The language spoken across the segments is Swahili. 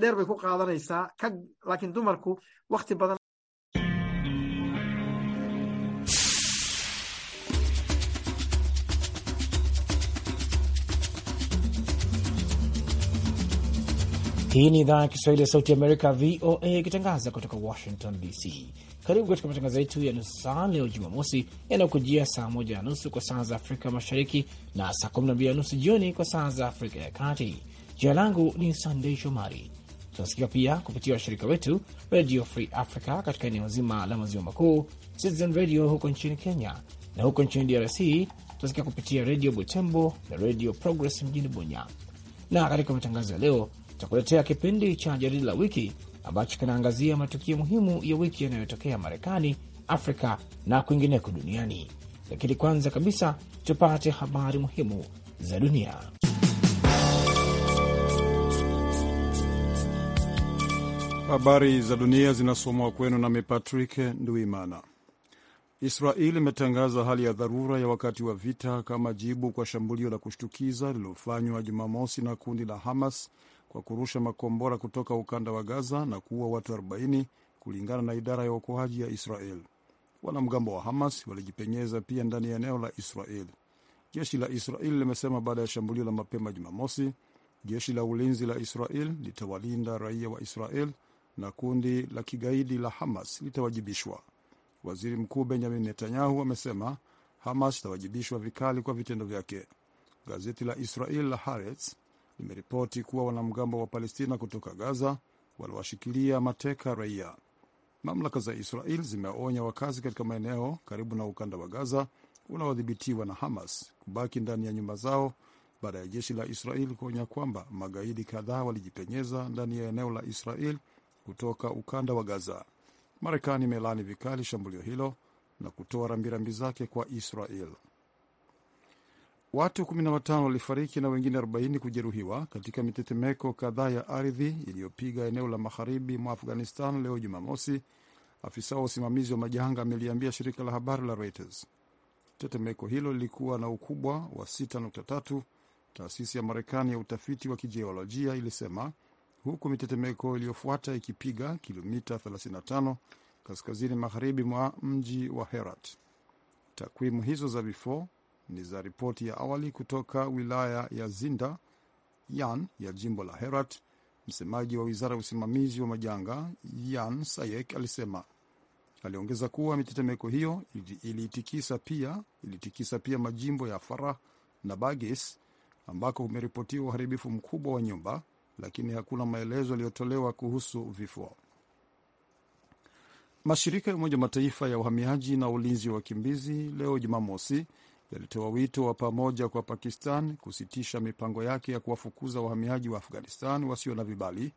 dheer bay ku qaadanaysaa laakiin dumarku wakti badan Hii ni idhaa ya Kiswahili ya Sauti Amerika, VOA, ikitangaza kutoka Washington DC. Karibu katika matangazo yetu ya nusu saa leo Jumamosi, yanayokujia saa moja na nusu kwa saa za Afrika Mashariki na saa kumi na mbili na nusu jioni kwa saa za Afrika ya Kati. Jina langu ni Sandei Shomari Tunasikia pia kupitia washirika wetu Radio Free Africa katika eneo zima la maziwa makuu, Citizen Radio huko nchini Kenya, na huko nchini DRC tunasikia kupitia Radio Butembo na Radio Progress mjini Bunya. Na katika matangazo ya leo tutakuletea kipindi cha Jarida la Wiki ambacho kinaangazia matukio muhimu ya wiki yanayotokea Marekani, Afrika na kwingineko duniani. Lakini kwanza kabisa tupate habari muhimu za dunia. Habari za dunia zinasomwa kwenu nami Patrick Nduimana. Israeli imetangaza hali ya dharura ya wakati wa vita kama jibu kwa shambulio la kushtukiza lililofanywa Jumamosi na kundi la Hamas kwa kurusha makombora kutoka ukanda wa Gaza na kuua watu 40 kulingana na idara ya uokoaji ya Israel. Wanamgambo wa Hamas walijipenyeza pia ndani ya eneo la Israel. Jeshi la Israel limesema baada ya shambulio la mapema Jumamosi, jeshi la ulinzi la Israel litawalinda raia wa Israel na kundi la kigaidi la Hamas litawajibishwa. Waziri Mkuu Benjamin Netanyahu amesema Hamas itawajibishwa vikali kwa vitendo vyake. Gazeti la Israel la Haaretz limeripoti kuwa wanamgambo wa Palestina kutoka Gaza waliwashikilia mateka raia. Mamlaka za Israel zimeonya wakazi katika maeneo karibu na ukanda wa Gaza unaodhibitiwa na Hamas kubaki ndani ya nyumba zao baada ya jeshi la Israel kuonya kwamba magaidi kadhaa walijipenyeza ndani ya eneo la Israel kutoka ukanda wa Gaza. Marekani imelaani vikali shambulio hilo na kutoa rambirambi zake kwa Israel. Watu 15 walifariki na wengine 40 kujeruhiwa katika mitetemeko kadhaa ya ardhi iliyopiga eneo la magharibi mwa Afghanistan leo Jumamosi, afisa wa usimamizi wa majanga ameliambia shirika la habari la Reuters. Tetemeko hilo lilikuwa na ukubwa wa 6.3, taasisi ya Marekani ya utafiti wa kijiolojia ilisema, huku mitetemeko iliyofuata ikipiga kilomita 35 kaskazini magharibi mwa mji wa Herat. Takwimu hizo za vifo ni za ripoti ya awali kutoka wilaya ya Zinda Yan ya jimbo la Herat. Msemaji wa wizara ya usimamizi wa majanga Yan Sayek alisema aliongeza kuwa mitetemeko hiyo ilitikisa pia, ilitikisa pia majimbo ya Farah na Bagis ambako kumeripotiwa uharibifu mkubwa wa nyumba, lakini hakuna maelezo yaliyotolewa kuhusu vifo. Mashirika ya Umoja Mataifa ya uhamiaji na ulinzi wa wakimbizi leo Jumamosi yalitoa wito wa pamoja kwa Pakistan kusitisha mipango yake ya kuwafukuza wahamiaji wa Afghanistan wasio na vibali,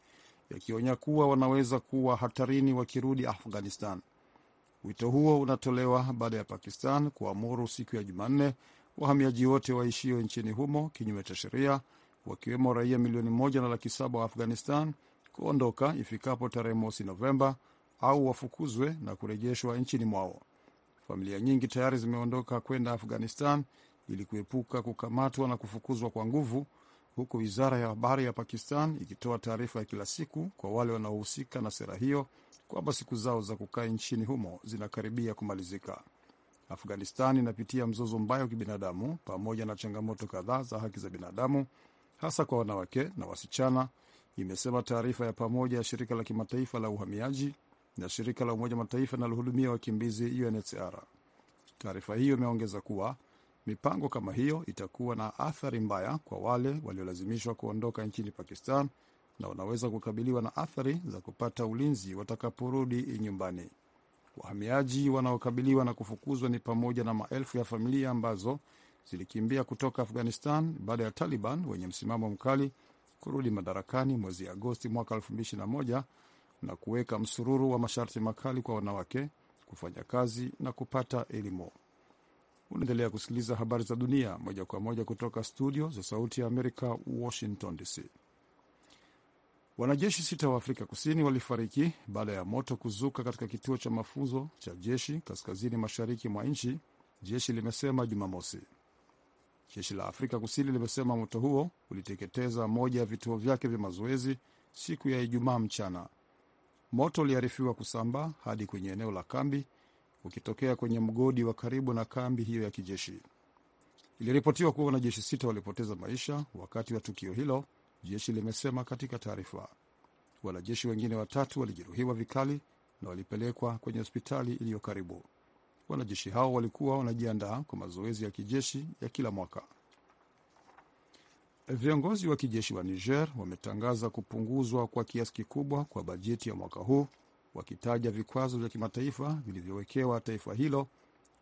yakionya kuwa wanaweza kuwa hatarini wakirudi Afghanistan. Wito huo unatolewa baada ya Pakistan kuamuru siku ya Jumanne wahamiaji wote waishio nchini humo kinyume cha sheria wakiwemo raia milioni moja na laki saba wa Afghanistan kuondoka ifikapo tarehe mosi Novemba au wafukuzwe na kurejeshwa nchini mwao. Familia nyingi tayari zimeondoka kwenda Afghanistan ili kuepuka kukamatwa na kufukuzwa kwa nguvu, huku wizara ya habari ya Pakistan ikitoa taarifa ya kila siku kwa wale wanaohusika na sera hiyo kwamba siku zao za kukaa nchini humo zinakaribia kumalizika. Afghanistan inapitia mzozo mbaya wa kibinadamu pamoja na changamoto kadhaa za haki za binadamu hasa kwa wanawake na wasichana, imesema taarifa ya pamoja ya shirika la kimataifa la uhamiaji na shirika la Umoja Mataifa linalohudumia wakimbizi UNHCR. Taarifa hiyo imeongeza kuwa mipango kama hiyo itakuwa na athari mbaya kwa wale waliolazimishwa kuondoka nchini Pakistan na wanaweza kukabiliwa na athari za kupata ulinzi watakaporudi nyumbani. Wahamiaji wanaokabiliwa na kufukuzwa ni pamoja na maelfu ya familia ambazo zilikimbia kutoka Afghanistan baada ya Taliban wenye msimamo mkali kurudi madarakani mwezi Agosti mwaka 2021 na kuweka msururu wa masharti makali kwa wanawake kufanya kazi na kupata elimu. Unaendelea kusikiliza habari za dunia moja kwa moja kutoka studio za Sauti ya Amerika, Washington DC. Wanajeshi sita wa Afrika Kusini walifariki baada ya moto kuzuka katika kituo cha mafunzo cha jeshi kaskazini mashariki mwa nchi, jeshi limesema Jumamosi. Jeshi la Afrika Kusini limesema moto huo uliteketeza moja ya vituo vyake vya mazoezi siku ya Ijumaa mchana. Moto uliarifiwa kusambaa hadi kwenye eneo la kambi ukitokea kwenye mgodi wa karibu na kambi hiyo ya kijeshi. Iliripotiwa kuwa wanajeshi sita walipoteza maisha wakati wa tukio hilo, jeshi limesema katika taarifa. Wanajeshi wengine watatu walijeruhiwa vikali na walipelekwa kwenye hospitali iliyo karibu. Wanajeshi hao walikuwa wanajiandaa kwa mazoezi ya kijeshi ya kila mwaka. Viongozi wa kijeshi wa Niger wametangaza kupunguzwa kwa kiasi kikubwa kwa bajeti ya mwaka huu, wakitaja vikwazo vya kimataifa vilivyowekewa taifa hilo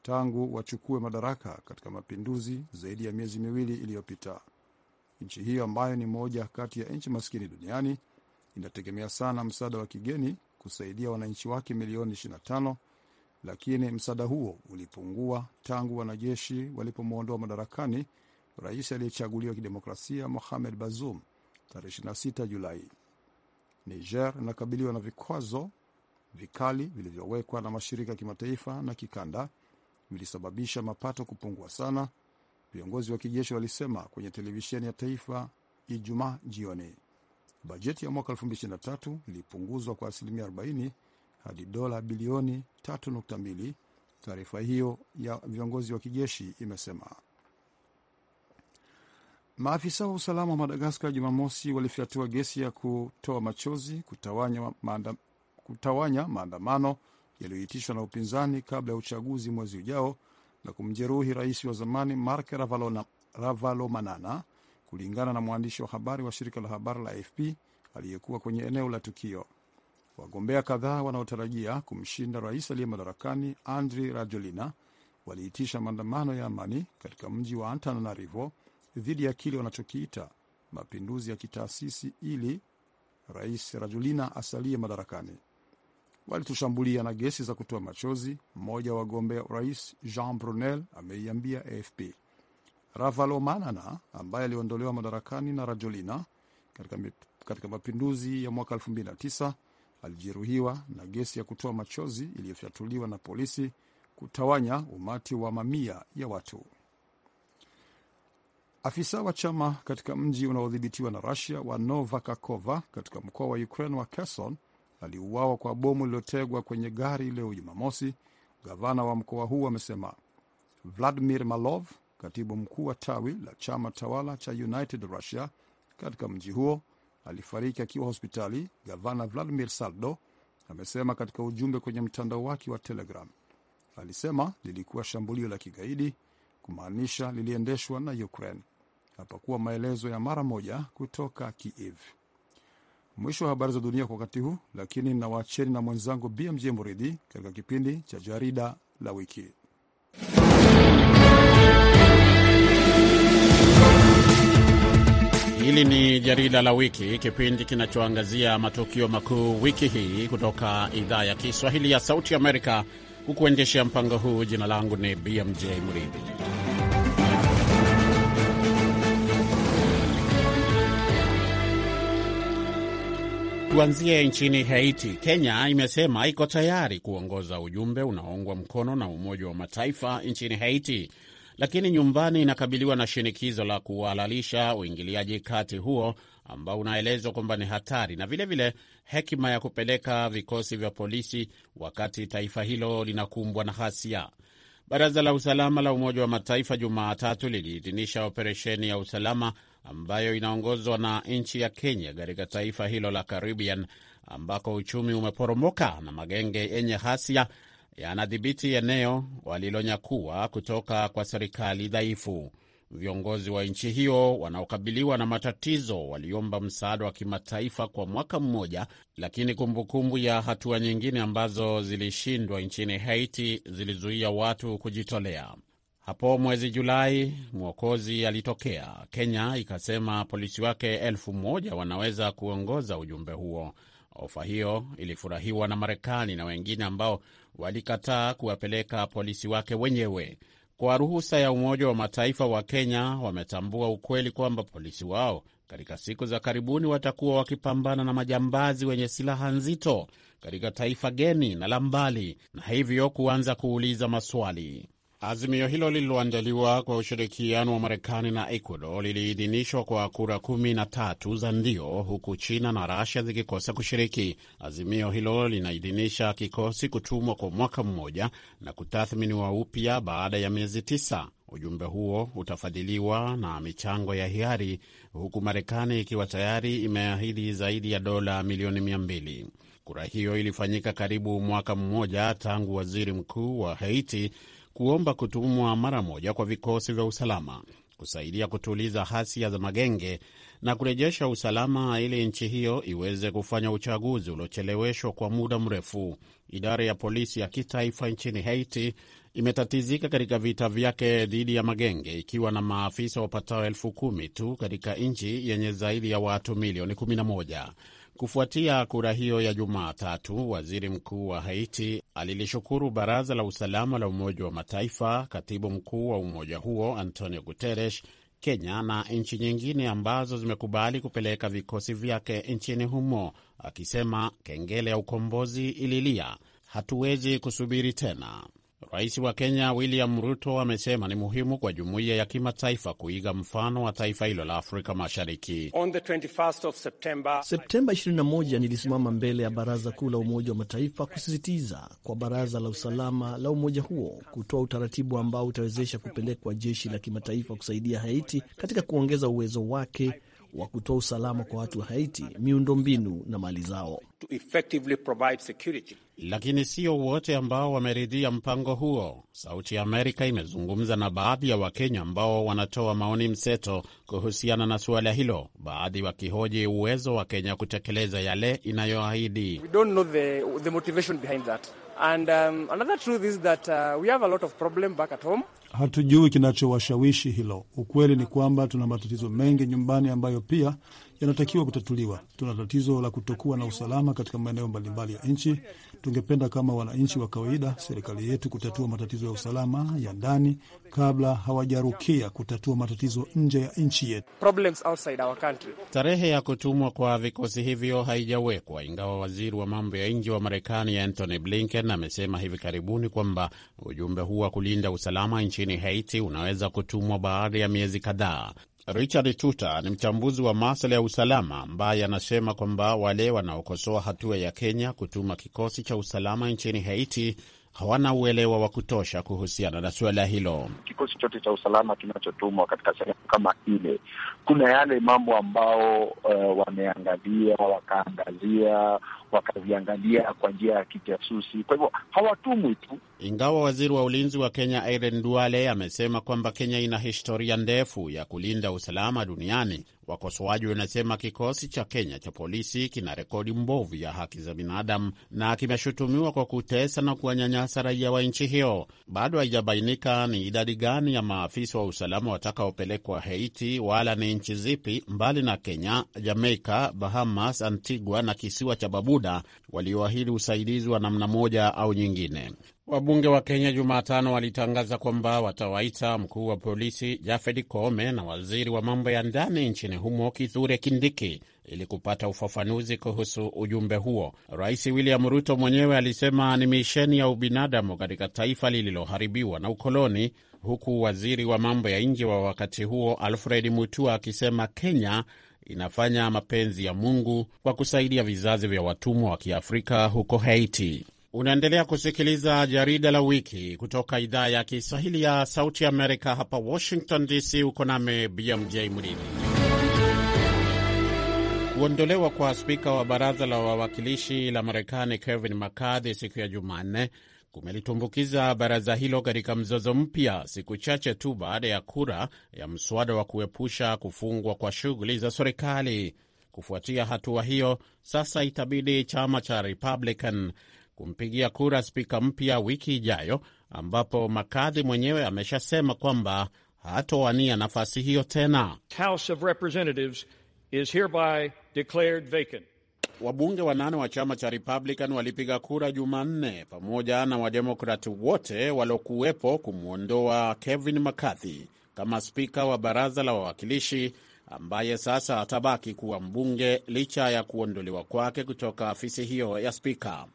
tangu wachukue madaraka katika mapinduzi zaidi ya miezi miwili iliyopita. Nchi hiyo ambayo ni moja kati ya nchi maskini duniani inategemea sana msaada wa kigeni kusaidia wananchi wake milioni lakini msaada huo ulipungua tangu wanajeshi walipomwondoa madarakani rais aliyechaguliwa kidemokrasia Mohamed Bazoum tarehe 26 Julai. Niger inakabiliwa na vikwazo vikali vilivyowekwa na mashirika ya kimataifa na kikanda, vilisababisha mapato kupungua sana, viongozi wa kijeshi walisema kwenye televisheni ya taifa Ijumaa jioni. Bajeti ya mwaka 2023 ilipunguzwa kwa asilimia hadi dola bilioni 3.2, taarifa hiyo ya viongozi wa kijeshi imesema. Maafisa wa usalama wa Madagaskar Jumamosi walifyatua gesi ya kutoa machozi kutawanya, maanda, kutawanya maandamano yaliyoitishwa na upinzani kabla ya uchaguzi mwezi ujao na kumjeruhi rais wa zamani mark Ravalomanana, kulingana na mwandishi wa habari wa shirika la habari la AFP aliyekuwa kwenye eneo la tukio. Wagombea kadhaa wanaotarajia kumshinda rais aliye madarakani andri rajolina waliitisha maandamano ya amani katika mji wa Antananarivo dhidi ya kile wanachokiita mapinduzi ya kitaasisi ili rais rajolina asalie madarakani. Walitushambulia na gesi za kutoa machozi, mmoja wa wagombea urais Jean Brunel ameiambia AFP. Ravalomanana ambaye aliondolewa madarakani na Rajolina katika, katika mapinduzi ya mwaka alijeruhiwa na gesi ya kutoa machozi iliyofyatuliwa na polisi kutawanya umati wa mamia ya watu. Afisa wa chama katika mji unaodhibitiwa na Rusia wa Novakakova katika mkoa wa Ukraine wa Kherson aliuawa kwa bomu lililotegwa kwenye gari leo Jumamosi, gavana wa mkoa huu amesema. Vladimir Malov, katibu mkuu wa tawi la chama tawala cha United Russia katika mji huo, alifariki akiwa hospitali, gavana Vladimir Saldo amesema katika ujumbe kwenye mtandao wake wa Telegram. Alisema lilikuwa shambulio la kigaidi, kumaanisha liliendeshwa na Ukraine. Hapakuwa maelezo ya mara moja kutoka Kiev. Mwisho wa habari za dunia kwa wakati huu, lakini nawaacheni na mwenzangu BMJ Muridhi katika kipindi cha jarida la wiki. Hili ni jarida la wiki, kipindi kinachoangazia matukio makuu wiki hii kutoka idhaa ya Kiswahili ya Sauti Amerika. Kukuendeshea mpango huu, jina langu ni BMJ Mridhi. Tuanzie nchini Haiti. Kenya imesema iko tayari kuongoza ujumbe unaoungwa mkono na Umoja wa Mataifa nchini Haiti lakini nyumbani inakabiliwa na shinikizo la kuhalalisha uingiliaji kati huo ambao unaelezwa kwamba ni hatari na vilevile vile hekima ya kupeleka vikosi vya polisi wakati taifa hilo linakumbwa na ghasia. Baraza la usalama la Umoja wa Mataifa Jumatatu liliidhinisha operesheni ya usalama ambayo inaongozwa na nchi ya Kenya katika taifa hilo la Caribbean ambako uchumi umeporomoka na magenge yenye ghasia yanadhibiti eneo walilonyakuwa kutoka kwa serikali dhaifu. Viongozi wa nchi hiyo wanaokabiliwa na matatizo waliomba msaada wa kimataifa kwa mwaka mmoja, lakini kumbukumbu ya hatua nyingine ambazo zilishindwa nchini Haiti zilizuia watu kujitolea. Hapo mwezi Julai mwokozi alitokea. Kenya ikasema polisi wake elfu moja wanaweza kuongoza ujumbe huo. Ofa hiyo ilifurahiwa na Marekani na wengine ambao walikataa kuwapeleka polisi wake wenyewe. Kwa ruhusa ya Umoja wa Mataifa, wa Kenya wametambua ukweli kwamba polisi wao katika siku za karibuni watakuwa wakipambana na majambazi wenye silaha nzito katika taifa geni na la mbali, na hivyo kuanza kuuliza maswali. Azimio hilo lililoandaliwa kwa ushirikiano wa Marekani na Ecuador liliidhinishwa kwa kura kumi na tatu za ndio, huku China na Rasia zikikosa kushiriki. Azimio hilo linaidhinisha kikosi kutumwa kwa mwaka mmoja na kutathminiwa upya baada ya miezi tisa. Ujumbe huo utafadhiliwa na michango ya hiari, huku Marekani ikiwa tayari imeahidi zaidi ya dola milioni mia mbili. Kura hiyo ilifanyika karibu mwaka mmoja tangu waziri mkuu wa Haiti kuomba kutumwa mara moja kwa vikosi vya usalama kusaidia kutuliza hasia za magenge na kurejesha usalama ili nchi hiyo iweze kufanya uchaguzi uliocheleweshwa kwa muda mrefu. Idara ya polisi ya kitaifa nchini Haiti imetatizika katika vita vyake dhidi ya magenge ikiwa na maafisa wapatao elfu kumi tu katika nchi yenye zaidi ya watu milioni 11. Kufuatia kura hiyo ya Jumatatu, waziri mkuu wa Haiti alilishukuru baraza la usalama la Umoja wa Mataifa, katibu mkuu wa umoja huo Antonio Guterres, Kenya na nchi nyingine ambazo zimekubali kupeleka vikosi vyake nchini humo, akisema kengele ya ukombozi ililia, hatuwezi kusubiri tena. Rais wa Kenya William Ruto amesema ni muhimu kwa jumuiya ya kimataifa kuiga mfano wa taifa hilo la Afrika Mashariki. Septemba 21 nilisimama mbele ya Baraza Kuu la Umoja wa Mataifa kusisitiza kwa Baraza la Usalama la umoja huo kutoa utaratibu ambao utawezesha kupelekwa jeshi la kimataifa kusaidia Haiti katika kuongeza uwezo wake wa kutoa usalama kwa watu wa Haiti, miundombinu na mali zao lakini sio wote ambao wameridhia mpango huo. Sauti ya Amerika imezungumza na baadhi ya Wakenya ambao wanatoa maoni mseto kuhusiana na suala hilo, baadhi wakihoji uwezo wa Kenya kutekeleza yale inayoahidi. Hatujui kinachowashawishi hilo. Ukweli ni kwamba tuna matatizo mengi nyumbani ambayo pia yanatakiwa kutatuliwa. Tuna tatizo la kutokuwa na usalama katika maeneo mbalimbali ya nchi Tungependa kama wananchi wa kawaida, serikali yetu kutatua matatizo ya usalama ya ndani kabla hawajarukia kutatua matatizo nje ya nchi yetu. Tarehe ya kutumwa kwa vikosi hivyo haijawekwa, ingawa waziri wa mambo ya nje wa Marekani Antony Blinken amesema hivi karibuni kwamba ujumbe huu wa kulinda usalama nchini Haiti unaweza kutumwa baada ya miezi kadhaa. Richard Tuta ni mchambuzi wa masuala ya usalama ambaye anasema kwamba wale wanaokosoa hatua ya Kenya kutuma kikosi cha usalama nchini Haiti hawana uelewa wa kutosha kuhusiana na suala hilo. Kikosi chote cha usalama kinachotumwa katika sehemu kama ile, kuna yale mambo ambao uh, wameangalia wakaangazia wakaviangalia kwa njia ya kijasusi. Kwa hivyo hawatumwi tu. Ingawa waziri wa ulinzi wa Kenya Airen Duale amesema kwamba Kenya ina historia ndefu ya kulinda usalama duniani, wakosoaji wanasema kikosi cha Kenya cha polisi kina rekodi mbovu ya haki za binadamu na kimeshutumiwa kwa kutesa na kuwanyanyasa raia wa nchi hiyo. Bado haijabainika ni idadi gani ya maafisa wa usalama watakaopelekwa Haiti wala ni nchi zipi mbali na Kenya, Jamaika, Bahamas, Antigua na kisiwa cha Babu muda walioahidi usaidizi wa namna moja au nyingine. Wabunge wa Kenya Jumatano walitangaza kwamba watawaita mkuu wa polisi Jafedi Koome na waziri wa mambo ya ndani nchini humo Kithure Kindiki ili kupata ufafanuzi kuhusu ujumbe huo. Rais William Ruto mwenyewe alisema ni misheni ya ubinadamu katika taifa lililoharibiwa na ukoloni, huku waziri wa mambo ya nje wa wakati huo Alfred Mutua akisema Kenya inafanya mapenzi ya Mungu kwa kusaidia vizazi vya watumwa wa Kiafrika huko Haiti. Unaendelea kusikiliza jarida la wiki kutoka idhaa ya Kiswahili ya Sauti Amerika hapa Washington DC. Uko nami BMJ Mridhi. Kuondolewa kwa spika wa baraza la wawakilishi la Marekani Kevin McCarthy siku ya Jumanne kumelitumbukiza baraza hilo katika mzozo mpya siku chache tu baada ya kura ya mswada wa kuepusha kufungwa kwa shughuli za serikali. Kufuatia hatua hiyo, sasa itabidi chama cha Republican kumpigia kura spika mpya wiki ijayo, ambapo makadhi mwenyewe ameshasema kwamba hatowania nafasi hiyo tena. House of Representatives is hereby declared vacant. Wabunge wanane wa chama cha Republican walipiga kura Jumanne pamoja na Wademokrati wote waliokuwepo kumwondoa Kevin McCarthy kama spika wa baraza la wawakilishi ambaye sasa atabaki kuwa mbunge licha ya kuondolewa kwake kutoka afisi hiyo ya spika.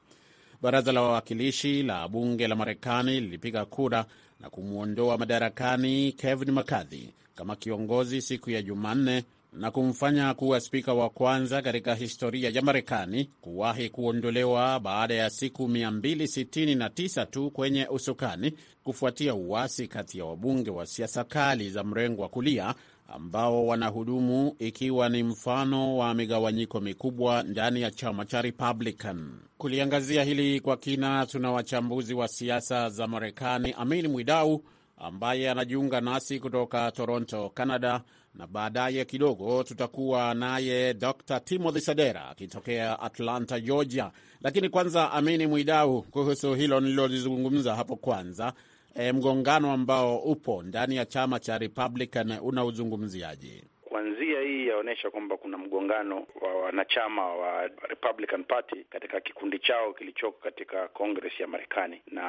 Baraza la wawakilishi la bunge la Marekani lilipiga kura na kumwondoa madarakani Kevin McCarthy kama kiongozi siku ya Jumanne na kumfanya kuwa spika wa kwanza katika historia ya Marekani kuwahi kuondolewa baada ya siku 269 tu kwenye usukani kufuatia uasi kati ya wabunge wa siasa kali za mrengo wa kulia ambao wanahudumu ikiwa ni mfano wa migawanyiko mikubwa ndani ya chama cha Republican. Kuliangazia hili kwa kina, tuna wachambuzi wa siasa za Marekani, Amin Mwidau ambaye anajiunga nasi kutoka Toronto, Canada, na baadaye kidogo tutakuwa naye Dr Timothy Sadera akitokea Atlanta, Georgia. Lakini kwanza, Amini Mwidau, kuhusu hilo nililolizungumza hapo kwanza, e, mgongano ambao upo ndani ya chama cha Republican unauzungumziaje? kuanzia hii yaonyesha kwamba kuna mgongano wa wanachama wa Republican Party katika kikundi chao kilichoko katika Congress ya Marekani, na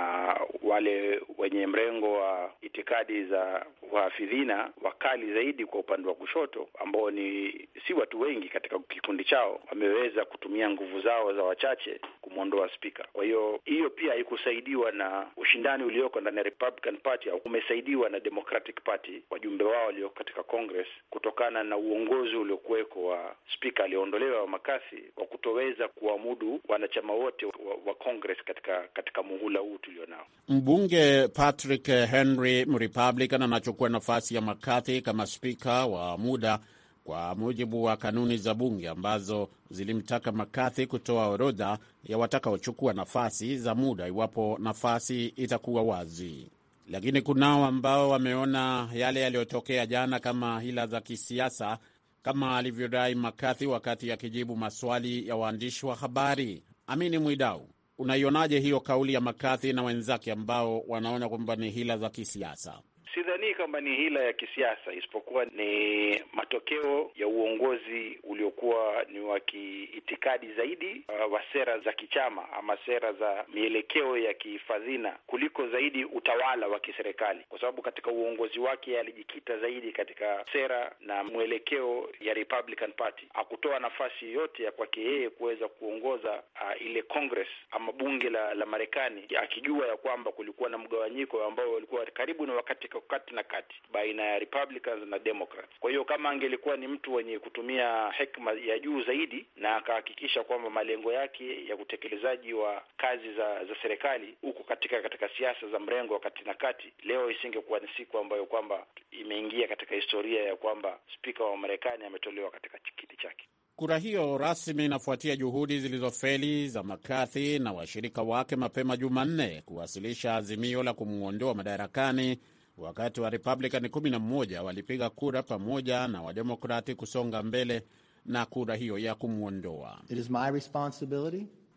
wale wenye mrengo wa itikadi za wahafidhina wakali zaidi kwa upande wa kushoto, ambao ni si watu wengi katika kikundi chao, wameweza kutumia nguvu zao za wachache kumwondoa spika. Kwa hiyo hiyo pia haikusaidiwa na ushindani ulioko ndani ya Republican Party, umesaidiwa na Democratic Party, wajumbe wao walioko katika Congress kutoka kutokana na uongozi uliokuweko wa spika aliyeondolewa wa Makasi wa kutoweza kuamudu wanachama wote wa, wa Congress katika katika muhula huu tulionao. Mbunge Patrick Henry Mrepublican anachukua nafasi ya Makati kama spika wa muda kwa mujibu wa kanuni za bunge ambazo zilimtaka Makathi kutoa orodha ya watakaochukua nafasi za muda iwapo nafasi itakuwa wazi lakini kunao ambao wameona yale yaliyotokea jana kama hila za kisiasa, kama alivyodai Makathi wakati akijibu maswali ya waandishi wa habari. Amini Mwidau, unaionaje hiyo kauli ya Makathi na wenzake ambao wanaona kwamba ni hila za kisiasa? Sidhanii kwamba ni hila ya kisiasa, isipokuwa ni matokeo ya uongozi uliokuwa ni wa kiitikadi zaidi, uh, wa sera za kichama ama sera za mielekeo ya kifadhina kuliko zaidi utawala wa kiserikali, kwa sababu katika uongozi wake alijikita zaidi katika sera na mwelekeo ya Republican Party. nafasi yote ya kwake yeye kuweza kuongoza uh, ile Congress ama bunge la, la Marekani akijua ya kwamba kulikuwa na mgawanyiko ambao walikuwa karibu na wakati iko kati na kati baina ya Republicans na Democrats. Kwa hiyo kama angelikuwa ni mtu wenye kutumia hekima ya juu zaidi na akahakikisha kwamba malengo yake ya utekelezaji wa kazi za za serikali huko katika katika siasa za mrengo wa kati na kati, leo isingekuwa ni siku ambayo kwamba imeingia katika historia ya kwamba spika wa Marekani ametolewa katika kiti chake. Kura hiyo rasmi inafuatia juhudi zilizofeli za McCarthy na washirika wake mapema Jumanne kuwasilisha azimio la kumwondoa madarakani wakati wa Republican 11 walipiga kura pamoja na Wademokrati kusonga mbele na kura hiyo ya kumwondoa.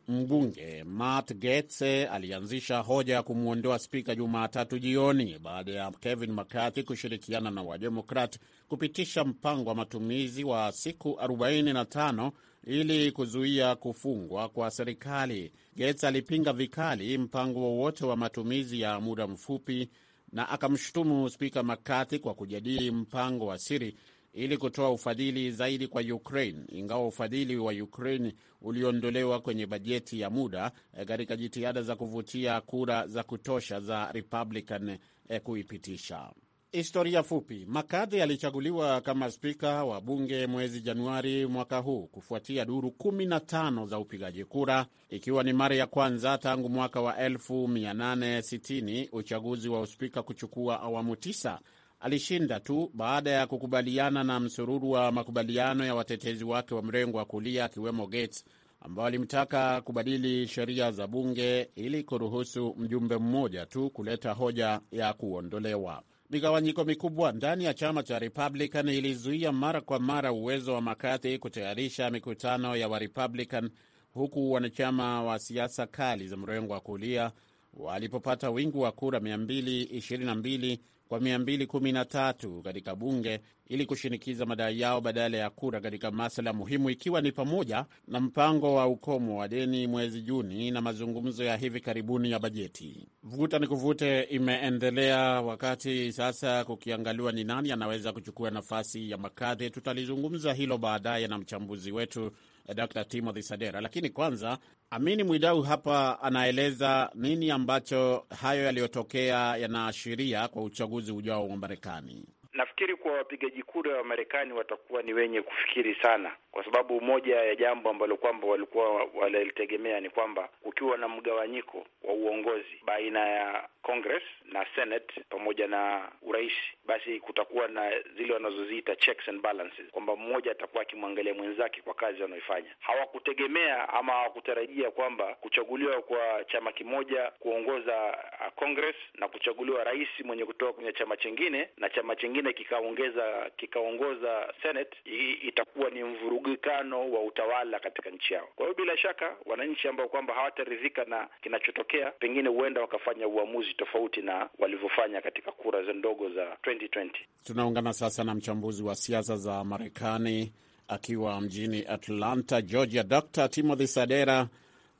Mbunge Matt getse alianzisha hoja ya kumwondoa spika Jumatatu jioni baada ya Kevin McCarthy kushirikiana na Wademokrat kupitisha mpango wa matumizi wa siku 45 ili kuzuia kufungwa kwa serikali. getse alipinga vikali mpango wowote wa matumizi ya muda mfupi na akamshutumu spika McCarthy kwa kujadili mpango wa siri ili kutoa ufadhili zaidi kwa Ukraine, ingawa ufadhili wa Ukraine uliondolewa kwenye bajeti ya muda eh, katika jitihada za kuvutia kura za kutosha za Republican eh, kuipitisha. Historia fupi. Makadhi alichaguliwa kama spika wa bunge mwezi Januari mwaka huu kufuatia duru 15 za upigaji kura, ikiwa ni mara ya kwanza tangu mwaka wa 1860 uchaguzi wa uspika kuchukua awamu tisa. Alishinda tu baada ya kukubaliana na msururu wa makubaliano ya watetezi wake wa mrengo wa kulia akiwemo Gates ambao alimtaka kubadili sheria za bunge ili kuruhusu mjumbe mmoja tu kuleta hoja ya kuondolewa. Migawanyiko mikubwa ndani ya chama cha Republican ilizuia mara kwa mara uwezo wa McCarthy kutayarisha mikutano ya Warepublican, huku wanachama wa siasa kali za mrengo wa kulia walipopata wingi wa kura 222 kwa 213 katika bunge ili kushinikiza madai yao badala ya kura katika masuala muhimu, ikiwa ni pamoja na mpango wa ukomo wa deni mwezi Juni na mazungumzo ya hivi karibuni ya bajeti. Vuta ni kuvute imeendelea, wakati sasa kukiangaliwa ni nani anaweza kuchukua nafasi ya makadhi Tutalizungumza hilo baadaye na mchambuzi wetu Dr. Timothy Sadera. Lakini kwanza, Amini Mwidau hapa anaeleza nini ambacho hayo yaliyotokea yanaashiria kwa uchaguzi ujao wa Marekani. Nafikiri kuwa wapigaji kura wa Marekani watakuwa ni wenye kufikiri sana kwa sababu moja ya jambo ambalo kwamba walikuwa walilitegemea ni kwamba kukiwa na mgawanyiko wa uongozi baina ya Congress na Senate pamoja na urais, basi kutakuwa na zile wanazoziita checks and balances, kwamba mmoja atakuwa akimwangalia mwenzake kwa kazi wanaoifanya. Hawakutegemea ama hawakutarajia kwamba kuchaguliwa kwa chama kimoja kuongoza uh, Congress na kuchaguliwa rais mwenye kutoka kwenye chama chingine na chama chingine kikaongeza kikaongoza Senate, itakuwa ni mvurugo mgwikano wa utawala katika nchi yao. Kwa hiyo bila shaka wananchi ambao kwamba hawataridhika na kinachotokea, pengine huenda wakafanya uamuzi tofauti na walivyofanya katika kura za ndogo za 2020. Tunaungana sasa na mchambuzi wa siasa za Marekani akiwa mjini Atlanta, Georgia, Dr. Timothy Sadera.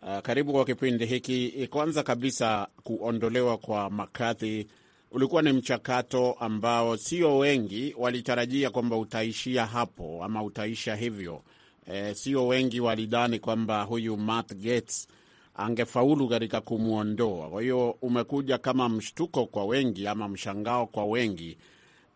Uh, karibu kwa kipindi hiki. Kwanza kabisa kuondolewa kwa makadhi ulikuwa ni mchakato ambao sio wengi walitarajia kwamba utaishia hapo ama utaisha hivyo. E, sio wengi walidhani kwamba huyu Matt Gaetz angefaulu katika kumwondoa. Kwa hiyo umekuja kama mshtuko kwa wengi ama mshangao kwa wengi.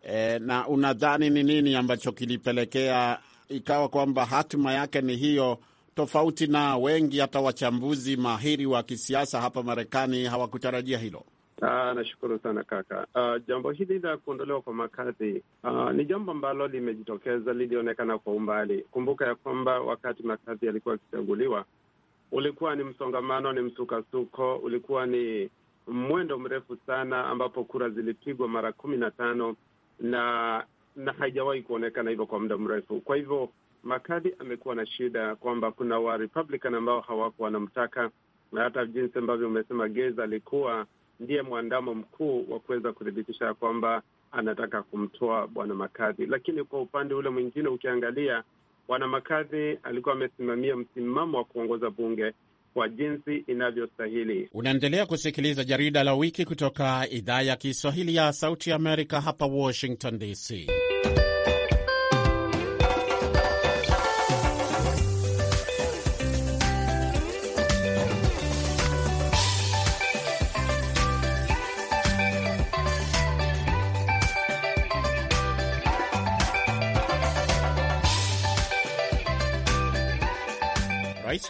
E, na unadhani ni nini ambacho kilipelekea ikawa kwamba hatima yake ni hiyo, tofauti na wengi hata wachambuzi mahiri wa kisiasa hapa Marekani hawakutarajia hilo? Ah, nashukuru sana kaka. Ah, jambo hili la kuondolewa kwa makazi ah, ni jambo ambalo limejitokeza, lilionekana kwa umbali. Kumbuka ya kwamba wakati makazi yalikuwa yakichaguliwa, ulikuwa ni msongamano, ni msukasuko, ulikuwa ni mwendo mrefu sana, ambapo kura zilipigwa mara kumi na tano na na haijawahi kuonekana hivyo kwa muda mrefu. Kwa hivyo makadhi amekuwa na shida kwamba kuna wa Republican ambao hawakuwa wanamtaka, na hata jinsi ambavyo umesema Geza alikuwa ndiye mwandamo mkuu wa kuweza kuthibitisha ya kwamba anataka kumtoa bwana Makadhi. Lakini kwa upande ule mwingine ukiangalia, bwana Makadhi alikuwa amesimamia msimamo wa kuongoza bunge kwa jinsi inavyostahili. Unaendelea kusikiliza jarida la wiki kutoka idhaa ya Kiswahili ya Sauti ya Amerika hapa Washington DC.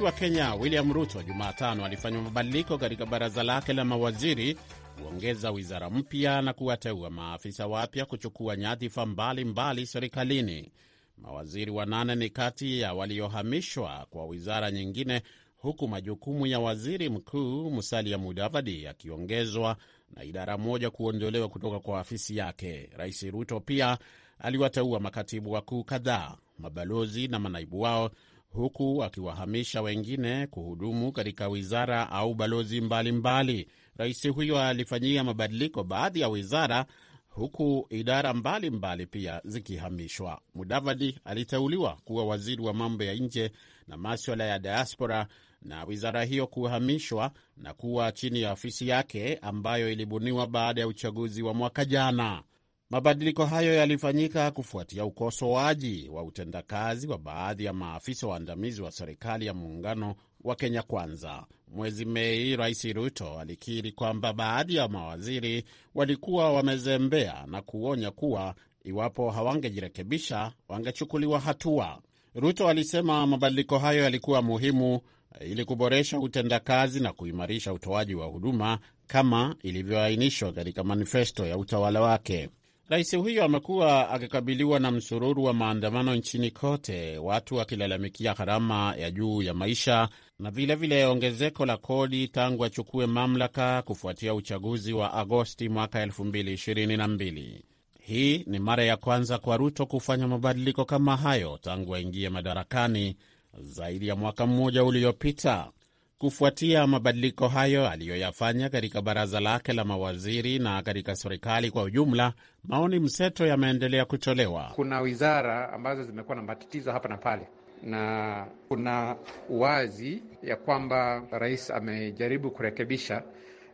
wa Kenya William Ruto Jumatano alifanya mabadiliko katika baraza lake la mawaziri kuongeza wizara mpya na kuwateua maafisa wapya kuchukua nyadhifa mbalimbali serikalini. Mawaziri wanane ni kati ya waliohamishwa kwa wizara nyingine, huku majukumu ya waziri mkuu Musalia Mudavadi yakiongezwa na idara moja kuondolewa kutoka kwa afisi yake. Rais Ruto pia aliwateua makatibu wakuu kadhaa, mabalozi na manaibu wao huku akiwahamisha wengine kuhudumu katika wizara au balozi mbalimbali. Rais huyo alifanyia mabadiliko baadhi ya wizara huku idara mbalimbali mbali pia zikihamishwa. Mudavadi aliteuliwa kuwa waziri wa mambo ya nje na maswala ya diaspora na wizara hiyo kuhamishwa na kuwa chini ya ofisi yake ambayo ilibuniwa baada ya uchaguzi wa mwaka jana. Mabadiliko hayo yalifanyika kufuatia ukosoaji wa utendakazi wa baadhi ya maafisa waandamizi wa serikali ya muungano wa Kenya Kwanza. Mwezi Mei, Rais Ruto alikiri kwamba baadhi ya mawaziri walikuwa wamezembea na kuonya kuwa iwapo hawangejirekebisha wangechukuliwa hatua. Ruto alisema mabadiliko hayo yalikuwa muhimu ili kuboresha utendakazi na kuimarisha utoaji wa huduma kama ilivyoainishwa katika manifesto ya utawala wake. Rais huyo amekuwa akikabiliwa na msururu wa maandamano nchini kote, watu wakilalamikia gharama ya juu ya maisha na vilevile vile ongezeko la kodi tangu achukue mamlaka kufuatia uchaguzi wa Agosti mwaka 2022. Hii ni mara ya kwanza kwa Ruto kufanya mabadiliko kama hayo tangu aingie madarakani zaidi ya mwaka mmoja uliopita. Kufuatia mabadiliko hayo aliyoyafanya katika baraza lake la mawaziri na katika serikali kwa ujumla, maoni mseto yameendelea kutolewa. Kuna wizara ambazo zimekuwa na matatizo hapa na pale, na kuna uwazi ya kwamba rais amejaribu kurekebisha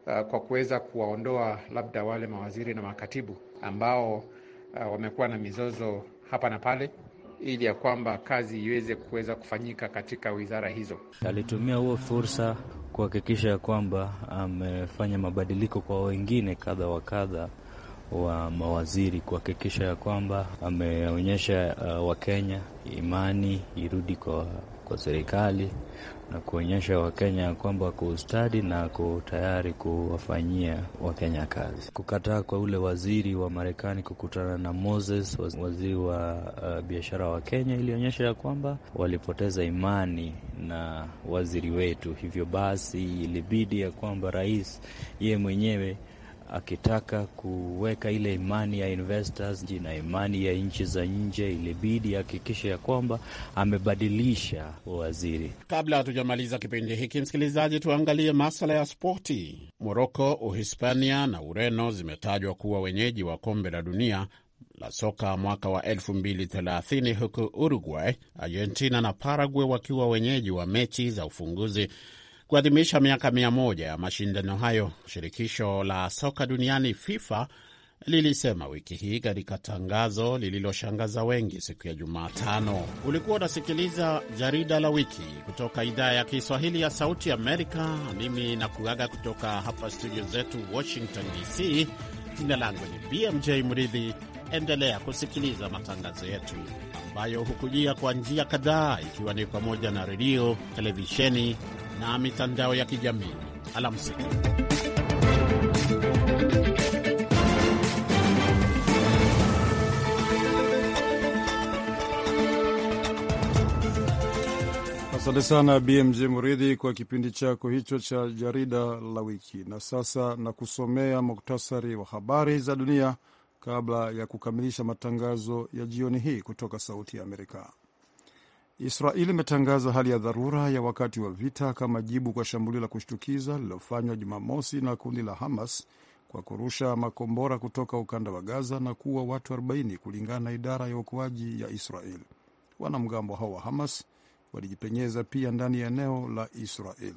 uh, kwa kuweza kuwaondoa labda wale mawaziri na makatibu ambao uh, wamekuwa na mizozo hapa na pale ili ya kwamba kazi iweze kuweza kufanyika katika wizara hizo. Alitumia huo fursa kuhakikisha ya kwamba amefanya mabadiliko kwa wengine kadha wa kadha wa mawaziri kuhakikisha ya kwamba ameonyesha uh, Wakenya imani irudi kwa kwa serikali na kuonyesha Wakenya ya kwamba kwa ustadi na ko tayari kuwafanyia Wakenya kazi. Kukataa kwa ule waziri wa Marekani kukutana na Moses, waziri wa uh, biashara wa Kenya, ilionyesha ya kwamba walipoteza imani na waziri wetu. Hivyo basi ilibidi ya kwamba rais yeye mwenyewe akitaka kuweka ile imani ya investors na imani ya nchi za nje, ilibidi hakikisha ya kwamba amebadilisha waziri. Kabla hatujamaliza kipindi hiki, msikilizaji, tuangalie masala ya spoti. Moroko, Uhispania na Ureno zimetajwa kuwa wenyeji wa kombe la dunia la soka mwaka wa 2030 huku Uruguay, Argentina na Paraguay wakiwa wenyeji wa mechi za ufunguzi kuadhimisha miaka mia moja ya mashindano hayo. Shirikisho la soka duniani FIFA lilisema wiki hii katika tangazo lililoshangaza wengi siku ya Jumatano. Ulikuwa unasikiliza jarida la wiki kutoka idhaa ya Kiswahili ya Sauti Amerika. Mimi nakuaga kutoka hapa studio zetu Washington DC. Jina langu ni BMJ Mridhi. Endelea kusikiliza matangazo yetu ambayo hukujia kwa njia kadhaa, ikiwa ni pamoja na redio, televisheni na mitandao ya kijamii. Alamsiki. Asante sana BMJ Muridhi kwa kipindi chako hicho cha jarida la wiki. Na sasa na kusomea muktasari wa habari za dunia kabla ya kukamilisha matangazo ya jioni hii kutoka Sauti ya Amerika. Israeli imetangaza hali ya dharura ya wakati wa vita kama jibu kwa shambulio la kushtukiza lililofanywa Jumamosi na kundi la Hamas kwa kurusha makombora kutoka ukanda wa Gaza na kuua watu 40 kulingana na idara ya uokoaji ya Israel. Wanamgambo hao wa Hamas walijipenyeza pia ndani ya eneo la Israel.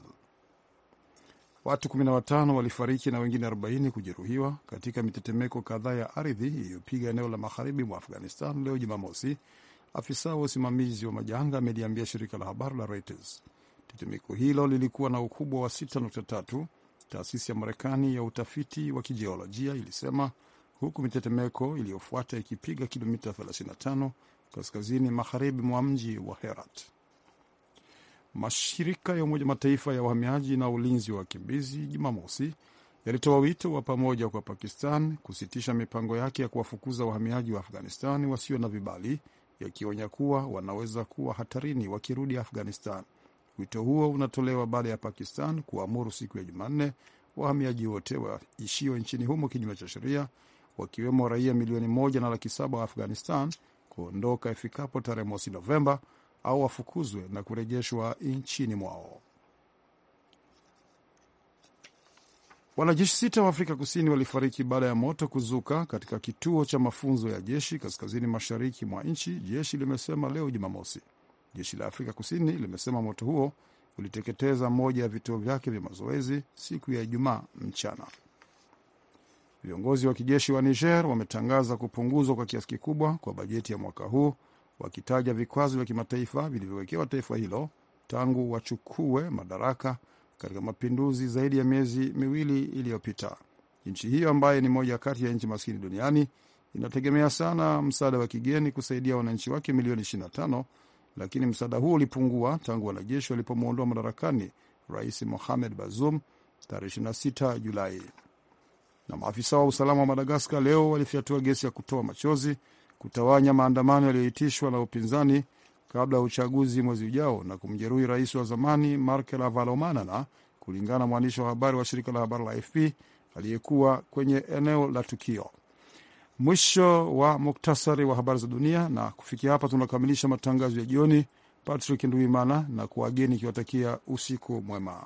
Watu 15 walifariki na wengine 40 kujeruhiwa katika mitetemeko kadhaa ya ardhi iliyopiga eneo la magharibi mwa Afghanistan leo Jumamosi, afisa wa usimamizi wa majanga ameliambia shirika la habari la Reuters. Tetemeko hilo lilikuwa na ukubwa wa 6.3, taasisi ya Marekani ya utafiti wa kijiolojia ilisema, huku mitetemeko iliyofuata ikipiga kilomita 35 kaskazini magharibi mwa mji wa Herat. Mashirika ya Umoja Mataifa ya uhamiaji na ulinzi wa wakimbizi Jumamosi yalitoa wito wa pamoja kwa Pakistan kusitisha mipango yake ya kuwafukuza wahamiaji wa afghanistan wasio na vibali yakionya kuwa wanaweza kuwa hatarini wakirudi Afghanistan. Wito huo unatolewa baada ya Pakistan kuamuru siku ya Jumanne wahamiaji wote waishio nchini humo kinyume cha sheria, wakiwemo raia milioni moja na laki saba wa Afghanistan kuondoka ifikapo tarehe mosi Novemba au wafukuzwe na kurejeshwa nchini mwao. Wanajeshi sita wa Afrika Kusini walifariki baada ya moto kuzuka katika kituo cha mafunzo ya jeshi kaskazini mashariki mwa nchi, jeshi limesema leo Jumamosi. Jeshi la Afrika Kusini limesema moto huo uliteketeza moja ya vituo vyake vya mazoezi siku ya Ijumaa mchana. Viongozi wa kijeshi wa Niger wametangaza kupunguzwa kwa kiasi kikubwa kwa bajeti ya mwaka huu, wakitaja vikwazo vya kimataifa vilivyowekewa taifa hilo tangu wachukue madaraka katika mapinduzi zaidi ya miezi miwili iliyopita. Nchi hiyo ambaye ni moja kati ya nchi maskini duniani inategemea sana msaada wa kigeni kusaidia wananchi wake milioni 25, lakini msaada huo ulipungua tangu wanajeshi walipomwondoa madarakani Rais Mohamed Bazoum tarehe 26 Julai. Na maafisa wa usalama wa Madagaskar leo walifyatua gesi ya kutoa machozi kutawanya maandamano yaliyoitishwa na upinzani kabla ya uchaguzi mwezi ujao na kumjeruhi rais wa zamani Markel Avalomanana, kulingana na mwandishi wa habari wa shirika la habari la AFP aliyekuwa kwenye eneo la tukio. Mwisho wa muktasari wa habari za dunia, na kufikia hapa tunakamilisha matangazo ya jioni. Patrick Nduimana na kuwageni ikiwatakia usiku mwema.